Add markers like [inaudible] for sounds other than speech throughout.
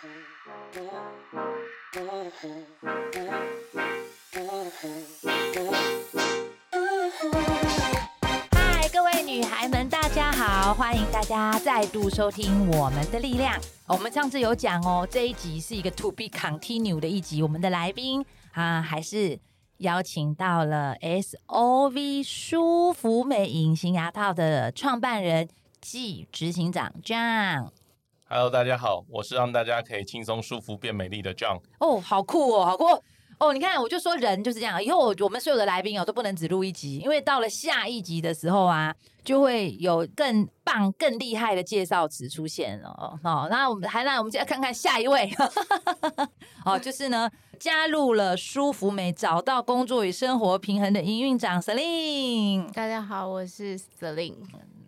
嗨，Hi, 各位女孩們，大家好！歡迎大家再度收聽我們的力量。我們上次有講哦，這一集是一個 To Be Continue 的一集。我們的來賓啊，還是邀請到了 SOV 舒服美隱形牙套的創辦人暨執行長 John。Hello，大家好，我是讓大家可以輕鬆舒服變美麗的 John。哦，好酷哦，好酷哦，哦！你看，我就說人就是這樣。以後我們所有的來賓哦，都不能只錄一集，因為到了下一集的時候啊，就會有更棒、更厲害的介紹詞出現了哦。那我們還來，我們再看看下一位 [laughs] 哦，就是呢，加入了舒服美，找到工作與生活平衡的營運長 Selin。大家好，我是 Selin。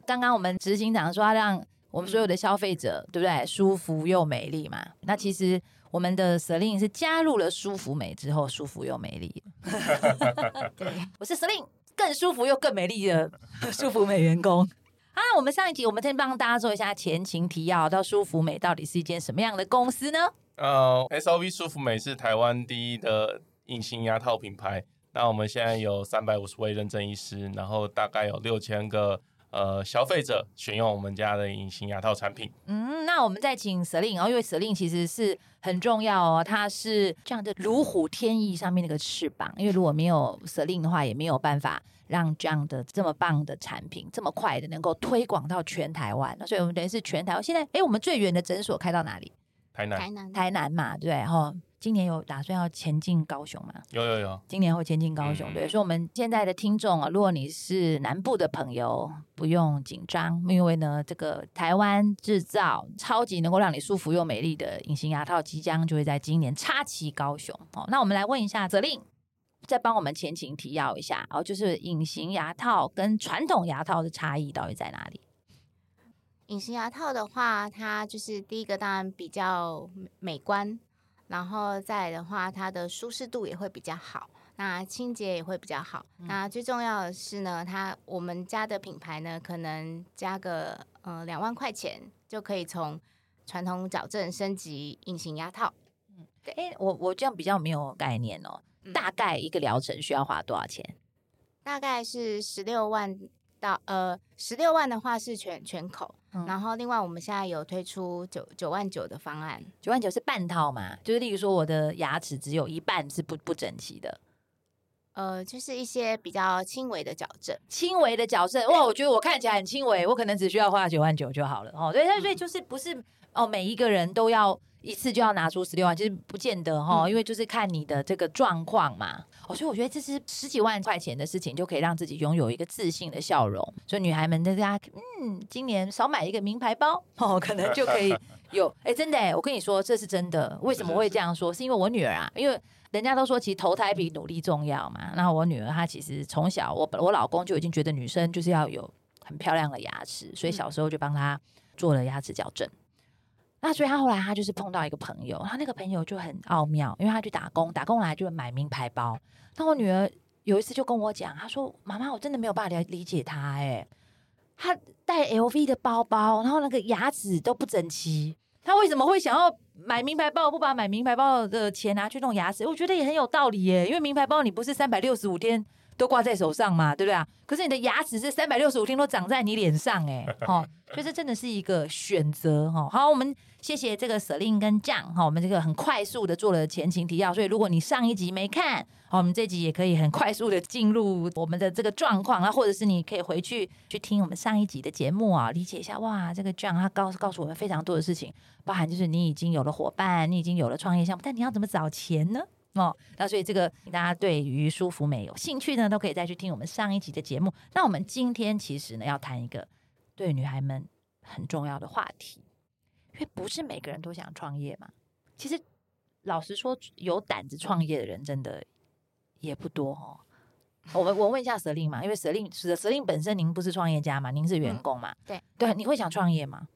剛剛我們執行長說要讓。我們所有的消費者，對不對？舒服又美麗嘛。那其實我們的 Seline 是加入了舒服美之後，舒服又美麗。對， [laughs] 我是 Seline，更舒服又更美麗的舒服美員工 [laughs] 啊。我們上一集我們先幫大家做一下前情提要，到舒服美到底是一間什麼樣的公司呢？呃，SOV 舒服美是台灣第一的隱形牙套品牌。那我們現在有三百五十位認證醫師，然後大概有六千個。呃，消費者選用我們家的隱形牙套產品。嗯，那我們再請 Selin 哦，因為 Selin 其實是很重要哦，它是這樣的如虎添翼上面那個翅膀，因為如果沒有 Selin 的話，也沒有辦法讓這樣的這麼棒的產品這麼快的能夠推廣到全台灣。所以我們等於是全台灣現在，哎、欸，我們最遠的診所開到哪裡？台南，台南，台南嘛，對哈。今年有打算要前進高雄嗎？有有有，今年會前進高雄，對。所以我們現在的聽眾啊，如果你是南部的朋友，不用緊張，因為呢，這個台灣製造超級能夠讓你舒服又美麗的隱形牙套，即將就會在今年插旗高雄哦。那我們來問一下，責令再幫我們前情提要一下哦，就是隱形牙套跟傳統牙套的差異到底在哪裡？隱形牙套的話，它就是第一個，當然比較美觀。然後再來的話，它的舒適度也會比較好，那清潔也會比較好。那最重要的是呢，它我們家的品牌呢，可能加個嗯兩萬塊錢就可以從傳統矯正升級隱形牙套。嗯，對，哎，我我這樣比較沒有概念哦，大概一個療程需要花多少錢？大概是十六萬到呃。十六萬的話是全全口，嗯、然後另外我們現在有推出九九萬九的方案，嗯、九萬九是半套嘛？就是例如說我的牙齒只有一半是不不整齊的，呃，就是一些比較輕微的矯正，輕微的矯正對哇，我覺得我看起來很輕微，我可能只需要花九萬九就好了哦。對，所以就是不是、嗯、哦，每一個人都要。一次就要拿出十六萬，其實就是不見得哈，哦，嗯，因為就是看你的這個狀況嘛，哦。所以我覺得這是十幾萬塊錢的事情，就可以讓自己擁有一個自信的笑容。所以女孩們大家，嗯，今年少買一個名牌包哦，可能就可以有。哎， [laughs] 真的哎，我跟你說，這是真的。為什麼會這樣說？是，是，是，是因為我女兒啊，因為人家都說其實投胎比努力重要嘛。那我女兒她其實從小，我我老公就已經覺得女生就是要有很漂亮的牙齒，所以小時候就幫她做了牙齒矯正。嗯那所以，他後來他就是碰到一個朋友，他那個朋友就很奧妙，因為他去打工，打工來就買名牌包。那我女兒有一次就跟我講，她說：“媽媽，我真的沒有辦法理理解他、欸，誒，他帶 LV 的包包，然後那個牙齒都不整齊，他為什麼會想要買名牌包？不把買名牌包的錢拿去弄牙齒？我覺得也很有道理耶、欸，因為名牌包你不是三百六十五天都掛在手上嘛，對不對啊？可是你的牙齒是三百六十五天都長在你臉上、欸，誒。哦，所以這真的是一個選擇，哈、哦。好，我們。謝謝這個舍令跟醬哈，我們這個很快速的做了前情提要，所以如果你上一集沒看，我們這集也可以很快速的進入我們的這個狀況啊，或者是你可以回去去聽我們上一集的節目啊，理解一下哇，這個醬他告訴告訴我們非常多的事情，包含就是你已經有了夥伴，你已經有了創業項目，但你要怎麼找錢呢？哦，那所以這個大家對於舒服美有興趣呢，都可以再去聽我們上一集的節目。那我們今天其實呢，要談一個對女孩們很重要的話題。因為不是每個人都想創業嘛，其實老實說，有膽子創業的人真的也不多哦。我我問一下 Seline 嘛，因為 SelineSeline 本身您不是創業家嘛，您是員工嘛。嗯、對對，你會想創業嗎、嗯？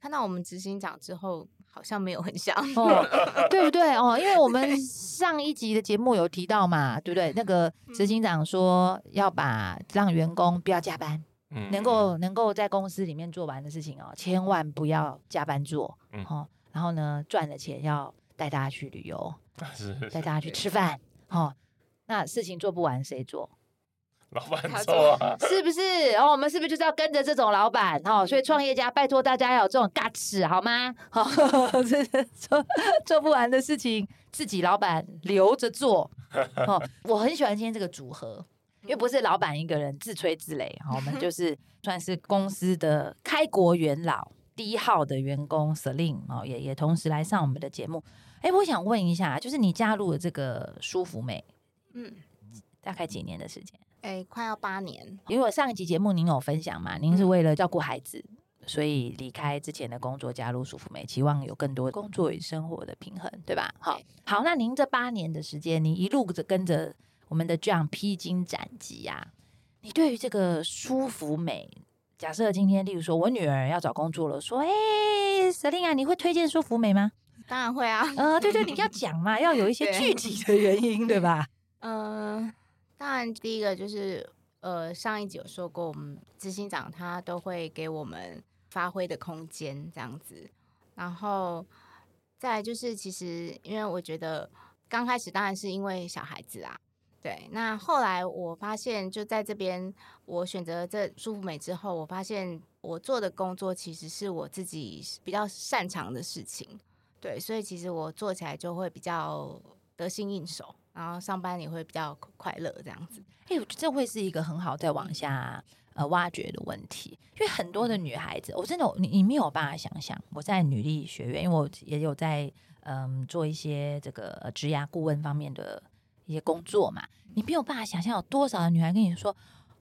看到我們執行長之後，好像沒有很想哦， [laughs] 對不對哦？因為我們上一集的節目有提到嘛， [laughs] 對不對？那個執行長說要把讓員工不要加班。能夠能夠在公司裡面做完的事情哦，千萬不要加班做、嗯哦、然後呢，賺了錢要帶大家去旅遊，帶是大家去吃飯對、哦、那事情做不完，誰做？老板做啊他，是不是？哦，我們是不是就是要跟着這種老板、哦、所以創業家，拜托大家要有這種 guts 好嗎？哦、 [laughs] 做做不完的事情，自己老板留着做、哦、我很喜歡今天這個組合。因為不是老板一個人自吹自擂，哈，我們就是算是公司的開國元老、第一 [laughs] 號的員工 Celine 也也同時來上我們的節目。誒、欸，我想問一下，就是你加入了這個舒服美，嗯，大概幾年的時間？誒、欸，快要八年。因為我上一集節目您有分享嘛，您是為了照顧孩子，嗯、所以離開之前的工作，加入舒服美，期望有更多工作與生活的平衡，對吧？好對好，那您這八年的時間，你一路着跟着。我們的這樣披荊斬棘啊！你對於這個舒服美，假設今天，例如說我女兒要找工作了，說：“哎、欸，司令啊，你會推薦舒服美嗎？”當然會啊！呃，對對，你要講嘛， [laughs] 要有一些具體的原因，對,對吧？呃，當然，第一個就是，呃，上一集有說過，我們執行長他都會給我們發揮的空間，這樣子。然後再來就是，其實因為我覺得剛開始當然是因為小孩子啊。對，那後來我發現，就在這邊，我選擇這舒服美之後，我發現我做的工作其實是我自己比較擅長的事情。對，所以其實我做起來就會比較得心應手，然後上班也會比較快樂，這樣子。哎，我覺得這會是一個很好再往下對呃挖掘的問題，因為很多的女孩子，我、哦、真的你你沒有辦法想象，我在女力學院，因為我也有在嗯、呃、做一些這個職涯顧問方面的。一些工作嘛，你沒有辦法想象有多少的女孩跟你說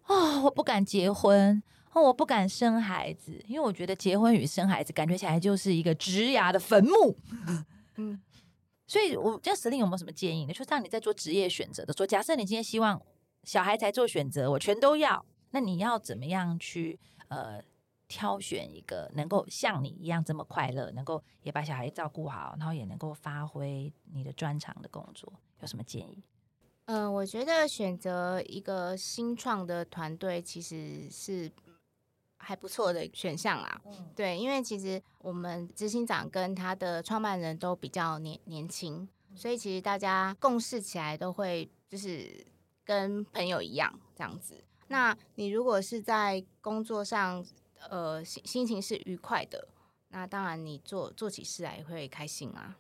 哦，我不敢結婚，哦，我不敢生孩子，因為我覺得結婚與生孩子感覺起來就是一個職涯的墳墓。 [laughs] 嗯，所以我叫司令有沒有什麼建議？你說讓你在做職業選擇的，說假設你今天希望小孩才做選擇，我全都要，那你要怎麼樣去呃挑選一個能夠像你一樣這麼快樂，能夠也把小孩照顧好，然後也能夠發揮你的專長的工作，有什麼建議？嗯、呃，我覺得選擇一個新創的團隊其實是還不錯的選項啦。對，因為其實我們執行長跟他的創辦人都比較年年輕，所以其實大家共事起來都會就是跟朋友一樣這樣子。那你如果是在工作上，呃，心心情是愉快的，那當然你做做起事來也會開心啊。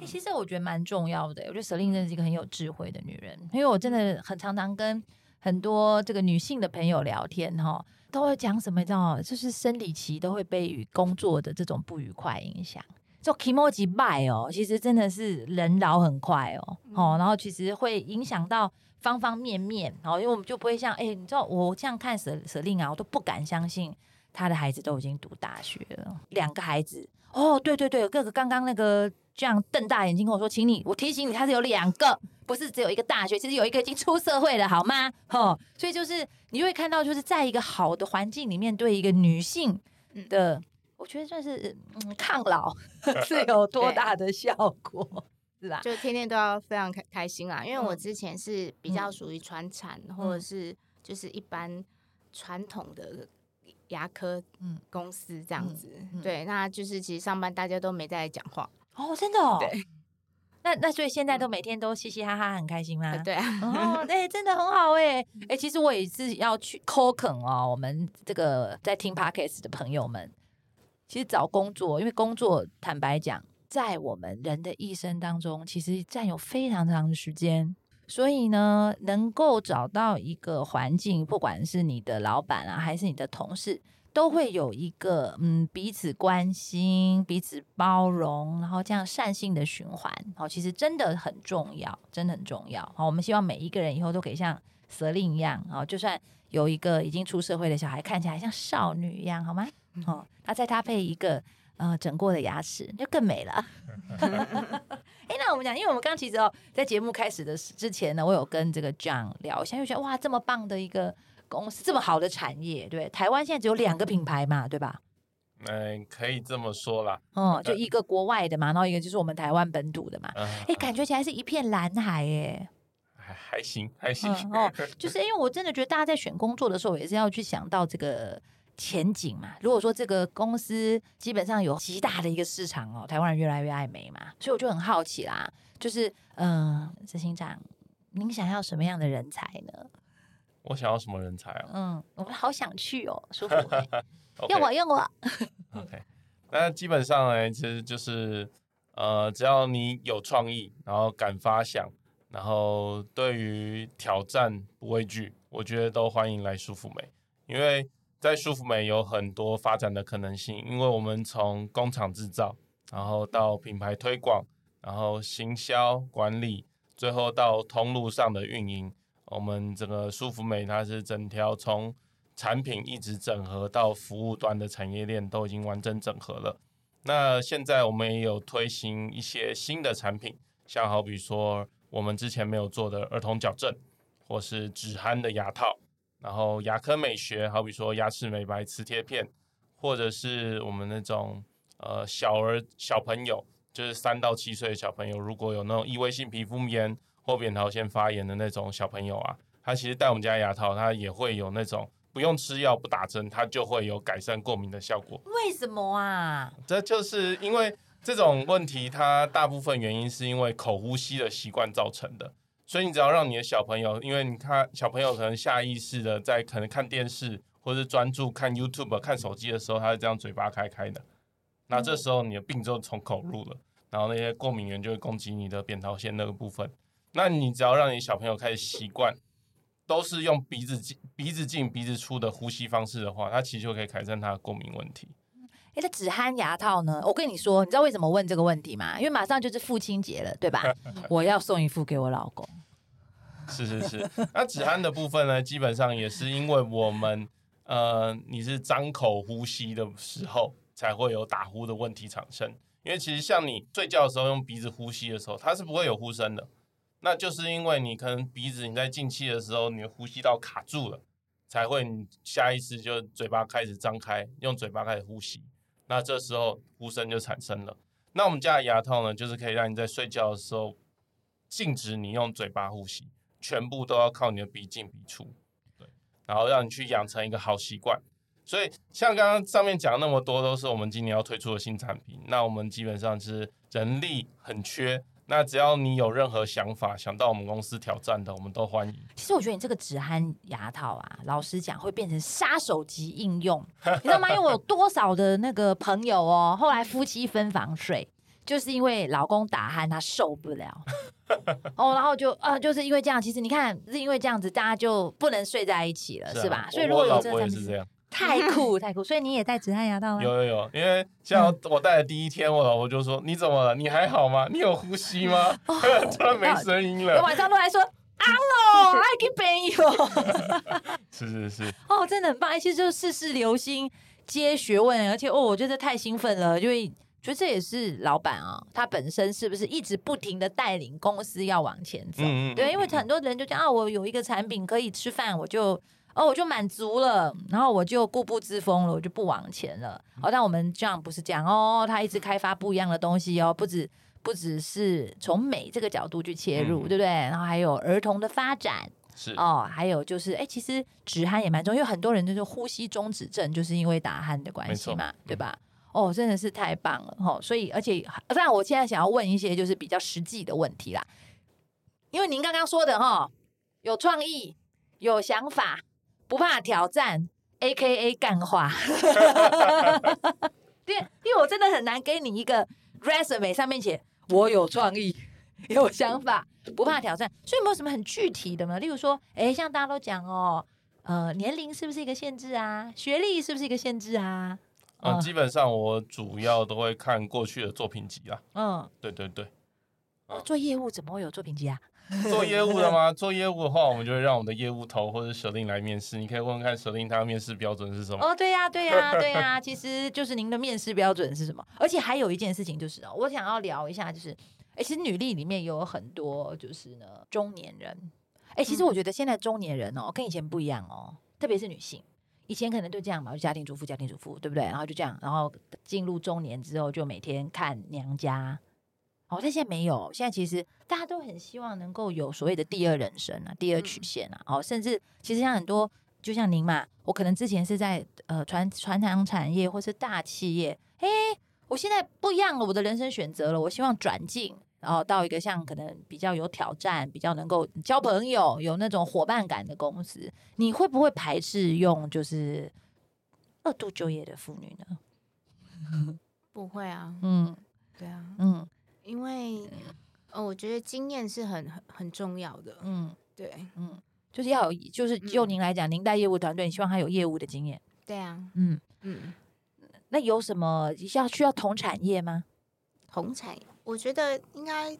欸、其實我覺得蠻重要的。我覺得瑟琳真的是一個很有智慧的女人，因為我真的很常常跟很多這個女性的朋友聊天哈，都會講什麼，你知道，就是生理期都會被與工作的這種不愉快影響。就 k m o g 哦，其實真的是人老很快哦、喔嗯、然後其實會影響到方方面面，然後因為我們就不會像哎、欸，你知道我這樣看瑟瑟琳啊，我都不敢相信。他的孩子都已經讀大學了，兩個孩子哦，對對對，哥哥剛剛那個這樣瞪大眼睛跟我說，請你，我提醒你，他是有兩個，不是只有一個大學，其實有一個已經出社會了，好嗎？哈、哦，所以就是你就會看到，就是在一個好的環境裡面，對一個女性的，嗯、我覺得算、就是、嗯、抗老 [laughs] 是有多大的效果， [laughs] 對是吧？就天天都要非常開開心啊，因為我之前是比較屬於傳產、嗯、或者是就是一般傳統的。牙科公司這樣子，嗯嗯嗯、對，那就是其實上班大家都沒在講話哦，真的、哦，對，那那所以現在都每天都嘻嘻哈哈很開心嗎？嗯、對啊， [laughs] 哦，對、欸，真的很好哎、欸，哎、欸，其實我也是要去 call 哦，我們這個在聽 podcast 的朋友們，其實找工作，因為工作，坦白講，在我們人的一生當中，其實佔有非常長的時間。所以呢，能夠找到一個環境，不管是你的老闆啊，還是你的同事，都會有一個嗯，彼此關心、彼此包容，然後這樣善性的循環。哦，其實真的很重要，真的很重要。好、哦，我們希望每一個人以後都可以像瑟琳一樣，哦，就算有一個已經出社會的小孩，看起來像少女一樣，好嗎？哦，那、啊、再搭配一個呃整過的牙齒，就更美了。 [laughs] 哎，那我們講，因為我們剛其實哦，在節目開始的之前呢，我有跟這個張聊一下，就覺得哇，這麼棒的一個公司，這麼好的產業，對台灣現在只有兩個品牌嘛，對吧？嗯、呃，可以這麼說啦。哦，就一個國外的嘛，呃、然後一個就是我們台灣本土的嘛。哎、呃，感覺起來是一片藍海耶，哎，還行，還行、嗯。哦，就是因為我真的覺得大家在選工作的時候，我也是要去想到這個。前景嘛，如果說這個公司基本上有極大的一個市場哦，台灣人越來越愛美嘛，所以我就很好奇啦，就是嗯，呃，執行長，您想要什麼樣的人才呢？我想要什麼人才啊？嗯，我好想去哦，舒服美，用我 [laughs] Okay. 用我。用我 [laughs] OK，那基本上呢，其實就是呃，只要你有創意，然後敢發想，然後對於挑戰不畏懼，我覺得都歡迎來舒服美，因為。在舒服美有很多發展的可能性，因為我們從工廠製造，然後到品牌推廣，然後行銷管理，最後到通路上的運營，我們整個舒服美它是整條從產品一直整合到服務端的產業鏈都已經完整整合了。那現在我們也有推行一些新的產品，像好比說我們之前沒有做的兒童矯正，或是止鼾的牙套。然後牙科美學，好比說牙齒美白、瓷貼片，或者是我們那種呃小兒小朋友，就是三到七歲的小朋友，如果有那種異位性皮膚炎或扁桃腺發炎的那種小朋友啊，他其實戴我們家牙套，他也會有那種不用吃藥、不打針，他就會有改善過敏的效果。為什麼啊？這就是因為這種問題，它大部分原因是因為口呼吸的習慣造成的。所以你只要讓你的小朋友，因為你看小朋友可能下意識的在可能看電視或是專注看 YouTube、看手機的時候，他是這樣嘴巴開開的，那這時候你的病就從口入了，然後那些過敏源就會攻擊你的扁桃腺那個部分。那你只要讓你小朋友開始習慣都是用鼻子進、鼻子進、鼻子出的呼吸方式的話，他其實就可以改善他的過敏問題。哎、欸，這止鼾牙套呢？我跟你說，你知道為什麼問這個問題嗎？因為馬上就是父親節了，對吧？ [laughs] 我要送一副給我老公。是是是。那止鼾的部分呢， [laughs] 基本上也是因為我們，呃，你是張口呼吸的時候，才會有打呼的問題產生。因為其實像你睡覺的時候用鼻子呼吸的時候，它是不會有呼聲的。那就是因為你可能鼻子你在進氣的時候，你的呼吸道卡住了，才會你下意識就嘴巴開始張開，用嘴巴開始呼吸。那這時候呼聲就產生了。那我們家的牙套呢，就是可以讓你在睡覺的時候禁止你用嘴巴呼吸，全部都要靠你的鼻進鼻出，對，然後讓你去養成一個好習慣。所以像剛剛上面講那麼多，都是我們今年要推出的新產品。那我們基本上是人力很缺。那只要你有任何想法，想到我們公司挑戰的，我們都歡迎。其實我覺得你這個止鼾牙套啊，老實講會變成殺手級應用， [laughs] 你知道嗎？因為我有多少的那個朋友哦、喔，後來夫妻分房睡，就是因為老公打鼾他受不了， [laughs] 哦，然後就呃，就是因為這樣，其實你看是因為這樣子，大家就不能睡在一起了，是,啊、是吧？所以如果有這個，是這樣。 [laughs] 太酷太酷，所以你也戴止汗牙套了？有有有，因為像我戴的第一天，我老婆就說，你怎麼了？你還好嗎？你有呼吸嗎？突然、oh, [laughs] 沒聲音了。晚上都來說，啊嘍 [laughs] ，I keep b [laughs] [laughs] 是是是，哦，oh, 真的很棒，其實就是事事留心皆學問，而且哦，我覺得太興奮了，因為覺得這也是老闆啊、哦，他本身是不是一直不停的帶領公司要往前走？嗯嗯嗯嗯對，因為很多人就講啊，我有一個產品可以吃飯，我就。哦，我就滿足了，然後我就固步自封了，我就不往前了。嗯、哦，但我們這樣不是這樣哦，他一直開發不一樣的東西哦，不止不止是從美這個角度去切入，嗯、對不對？然後還有兒童的發展，是哦，還有就是，哎、欸，其實止鼾也蠻重要，因為很多人就是呼吸中止症，就是因為打鼾的關係嘛，沒錯，對吧？嗯、哦，真的是太棒了哦。所以，而且，但我現在想要問一些就是比較實際的問題啦，因為您剛剛說的哈、哦，有創意，有想法。不怕挑戰，A K A 幹話。因為 [laughs] 因為我真的很難給你一個 resume 上面寫我有創意、有想法、不怕挑戰，所以沒有什麼很具體的嘛。例如說，欸、像大家都講哦、喔，呃，年齡是不是一個限制啊？學歷是不是一個限制啊、嗯？基本上我主要都會看過去的作品集啊。嗯，對對對。嗯、做業務怎麼會有作品集啊？ [laughs] 做業務的嗎？做業務的話，我們就會讓我們的業務頭或者舍令來面試。你可以問問看舍令他的面試標準是什麼？哦，對呀、啊，對呀、啊，對呀、啊， [laughs] 其實就是您的面試標準是什麼？而且還有一件事情就是，我想要聊一下，就是誒，其實女力裡面有很多就是呢中年人。哎，其實我覺得現在中年人哦、嗯、跟以前不一樣哦，特別是女性，以前可能就這樣嘛，就家庭主婦，家庭主婦，對不對？然後就這樣，然後進入中年之後，就每天看娘家。哦，但現在沒有。現在其實大家都很希望能夠有所謂的第二人生啊，第二曲線啊。嗯、哦，甚至其實像很多，就像您嘛，我可能之前是在呃傳傳統產業或是大企業，哎、欸，我現在不一樣了，我的人生選擇了，我希望轉進，然、哦、後到一個像可能比較有挑戰、比較能夠交朋友、有那種夥伴感的公司。你會不會排斥用就是二度就業的婦女呢？不會啊。嗯，對啊。嗯。因為，呃，我覺得經驗是很很重要的。嗯，對，嗯，就是要，就是就您來講，您帶業務團隊，你希望他有業務的經驗。對啊，嗯嗯。那有什麼要需要同產業嗎？同產業，我覺得應該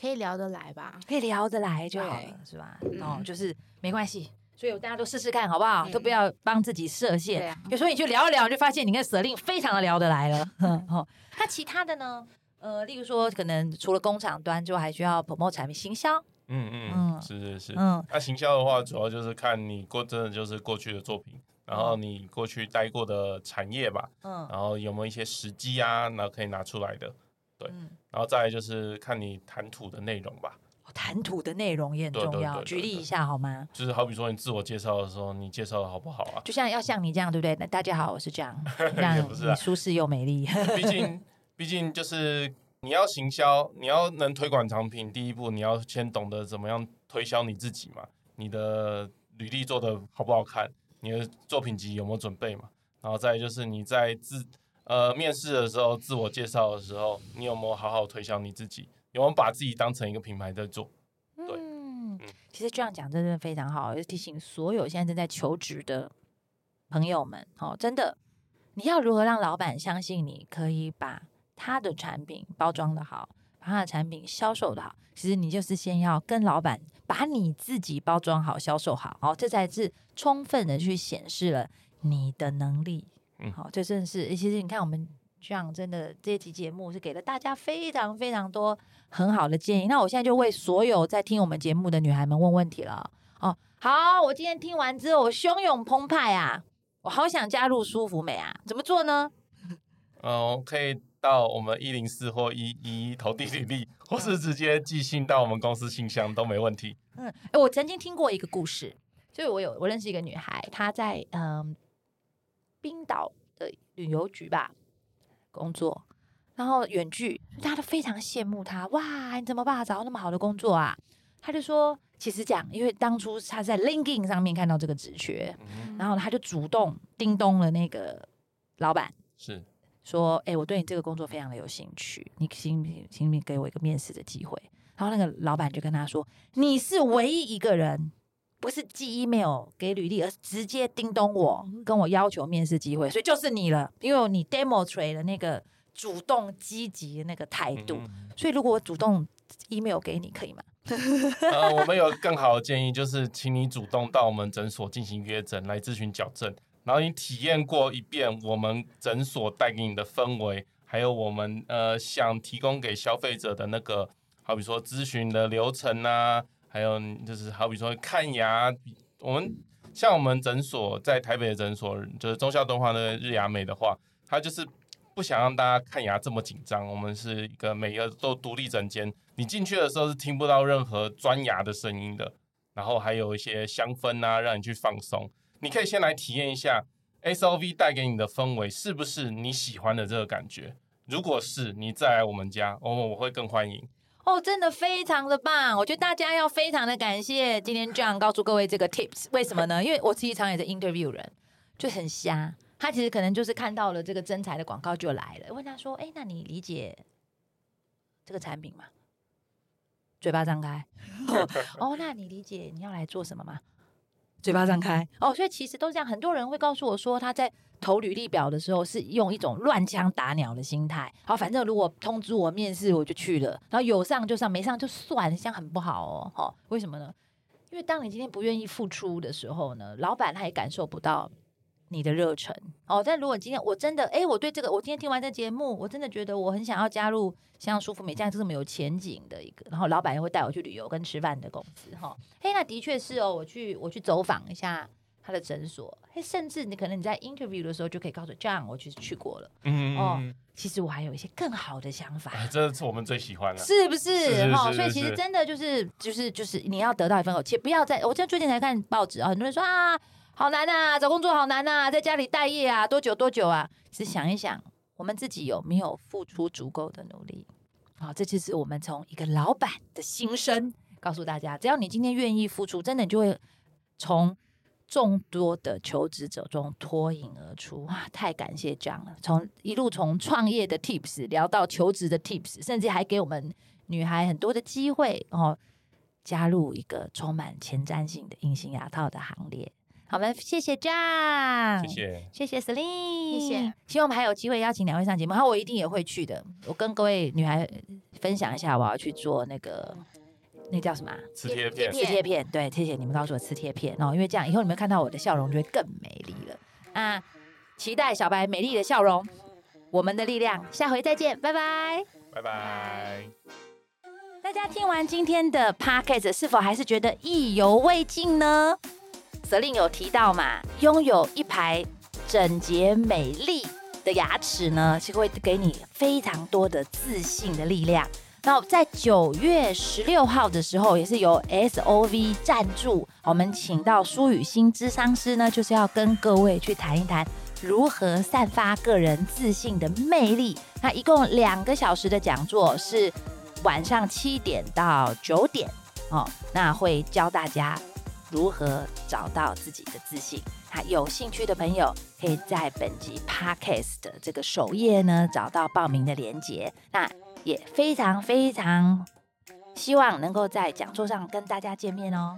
可以聊得來吧，可以聊得來就好了，是吧？哦，就是沒關係，所以大家都試試看好不好？都不要幫自己設限。有時候你就聊一聊，就發現你跟舍令非常的聊得來了。哦，那其他的呢？呃，例如說，可能除了工廠端，就還需要 promote 產品行銷。嗯嗯，嗯，嗯是是是。嗯，那行銷的話，主要就是看你過真的就是過去的作品，然後你過去待過的產業吧。嗯。然後有沒有一些時機啊，然後可以拿出來的？對。嗯、然後再來就是看你談吐的內容吧。哦、談吐的內容也很重要。舉例一下好嗎？就是好比說你自我介紹的時候，你介紹的好不好啊？就像要像你這樣，對不對？那大家好，我是 John, [laughs] 這樣，這樣舒適又美麗。 [laughs] [laughs] 畢竟。畢竟就是你要行銷，你要能推廣產品，第一步你要先懂得怎麼樣推銷你自己嘛。你的履歷做得好不好看，你的作品集有沒有準備嘛？然後再就是你在自呃面試的時候，自我介紹的時候，你有沒有好好推銷你自己？有沒有把自己當成一個品牌在做？對，嗯嗯、其實這樣講真的非常好，提醒所有現在正在求職的朋友們，哦，真的，你要如何讓老板相信你可以把。他的產品包裝的好，他的產品銷售的好，其實你就是先要跟老闆把你自己包裝好、銷售好，好、哦、這才是充分的去顯示了你的能力。嗯，好、哦，這真的是、欸，其實你看我們這樣真的這期節目是給了大家非常非常多很好的建議。那我現在就為所有在聽我們節目的女孩們問問題了。哦，好，我今天聽完之後，我洶湧澎湃啊，我好想加入舒服美啊，怎麼做呢？哦，可以。到我們一零四或一一一投遞履歷，或是直接寄信到我們公司信箱都沒問題。嗯，哎、欸，我曾經聽過一個故事，就是我有我認識一個女孩，她在嗯、呃、冰島的旅遊局吧工作，然後遠距，大家都非常羨慕她。哇，你怎麼辦找到那麼好的工作啊？她就說，其實講，因為當初她在 LinkedIn 上面看到這個職缺，嗯、然後她就主動叮咚了那個老板是。說，哎、欸，我對你這個工作非常的有興趣，你請請，請你給我一個面試的機會。然後那個老闆就跟他說，你是唯一一個人，不是寄 email 給履歷，而是直接叮咚我，跟我要求面試機會，所以就是你了。因為你 demonstrate 的那個主動積極的那個態度，所以如果我主動 email 給你，可以嗎？ [laughs] 呃，我們有更好的建議，就是請你主動到我們診所進行約診來諮詢矯正。然後你體驗過一遍我們診所帶給你的氛圍，還有我們呃想提供給消費者的那個，好比說諮詢的流程啊，還有就是好比說看牙，我們像我們診所在台北的診所，就是中孝東方的日牙美的話，它就是不想讓大家看牙這麼緊張。我們是一個每個都獨立診間，你進去的時候是聽不到任何鑽牙的聲音的。然後還有一些香氛啊，讓你去放鬆。你可以先來體驗一下 S O V 帶給你的氛圍是不是你喜歡的這個感覺？如果是，你再來我們家，我們我會更歡迎。哦，真的非常的棒！我覺得大家要非常的感謝今天 John 告訴各位這個 tips，為什麼呢？嘿因為我自己常也是 interview 人，就很瞎。他其實可能就是看到了這個徵才的廣告，就來了，問他說：“誒，那你理解這個產品嗎？”嘴巴張開。 [laughs] 哦，哦，那你理解你要來做什麼嗎？嘴巴張開哦，所以其實都是這樣。很多人會告訴我說，他在投履歷表的時候是用一種亂槍打鳥的心態。好，反正如果通知我面試，我就去了；然後有上就上，沒上就算，這樣很不好哦。好，哦，為什麼呢？因為當你今天不願意付出的時候呢，老闆他也感受不到。你的熱忱哦，但如果今天我真的哎、欸，我對這個，我今天聽完這節目，我真的覺得我很想要加入像舒服美這樣這麼有前景的一個，然後老闆又會帶我去旅遊跟吃飯的公司哈。嘿，那的確是哦，我去我去走訪一下他的診所，嘿，甚至你可能你在 interview 的時候就可以告訴這樣 John 我去去過了，嗯，嗯，嗯哦，其實我還有一些更好的想法，這是我們最喜歡的，是不是？哈、哦，所以其實真的就是就是就是你要得到一份，而且不要再我。這最近才看報紙啊，很多人說啊。好難吶、啊，找工作好難吶、啊，在家裡待業啊，多久多久啊？只想一想，我們自己有沒有付出足夠的努力？好、哦，這就是我們從一個老板的心聲告訴大家：只要你今天願意付出，真的你就會從眾多的求職者中脫穎而出。哇、啊，太感謝這樣了！從一路從創業的 tips 聊到求職的 tips，甚至還給我們女孩很多的機會哦，加入一個充滿前瞻性的隱形牙套的行列。好，我們謝謝張，謝謝，謝謝 Celine 謝謝。希望我們還有機會邀請兩位上節目，然後我一定也會去的。我跟各位女孩分享一下好好，我要去做那個，那叫什麼、啊？磁鐵片，磁鐵片，片。對，謝謝你們告訴我磁鐵片。哦。因為這樣，以後你們看到我的笑容就會更美麗了。啊，期待小白美麗的笑容，我們的力量。下回再見，拜拜，拜拜。大家聽完今天的 Podcast 是否還是覺得意猶未盡呢？Celine 有提到嘛，擁有一排整潔美麗的牙齒呢，是會給你非常多的自信的力量。那在九月十六號的時候，也是由 SOV 贊助，我們請到蘇予昕諮商師呢，就是要跟各位去談一談如何散發個人自信的魅力。那一共兩個小時的講座是晚上七點到九點哦，那會教大家。如何找到自己的自信？有興趣的朋友，可以在本集 podcast 的這個首頁呢，找到報名的連結。那也非常非常希望能夠在講座上跟大家見面哦。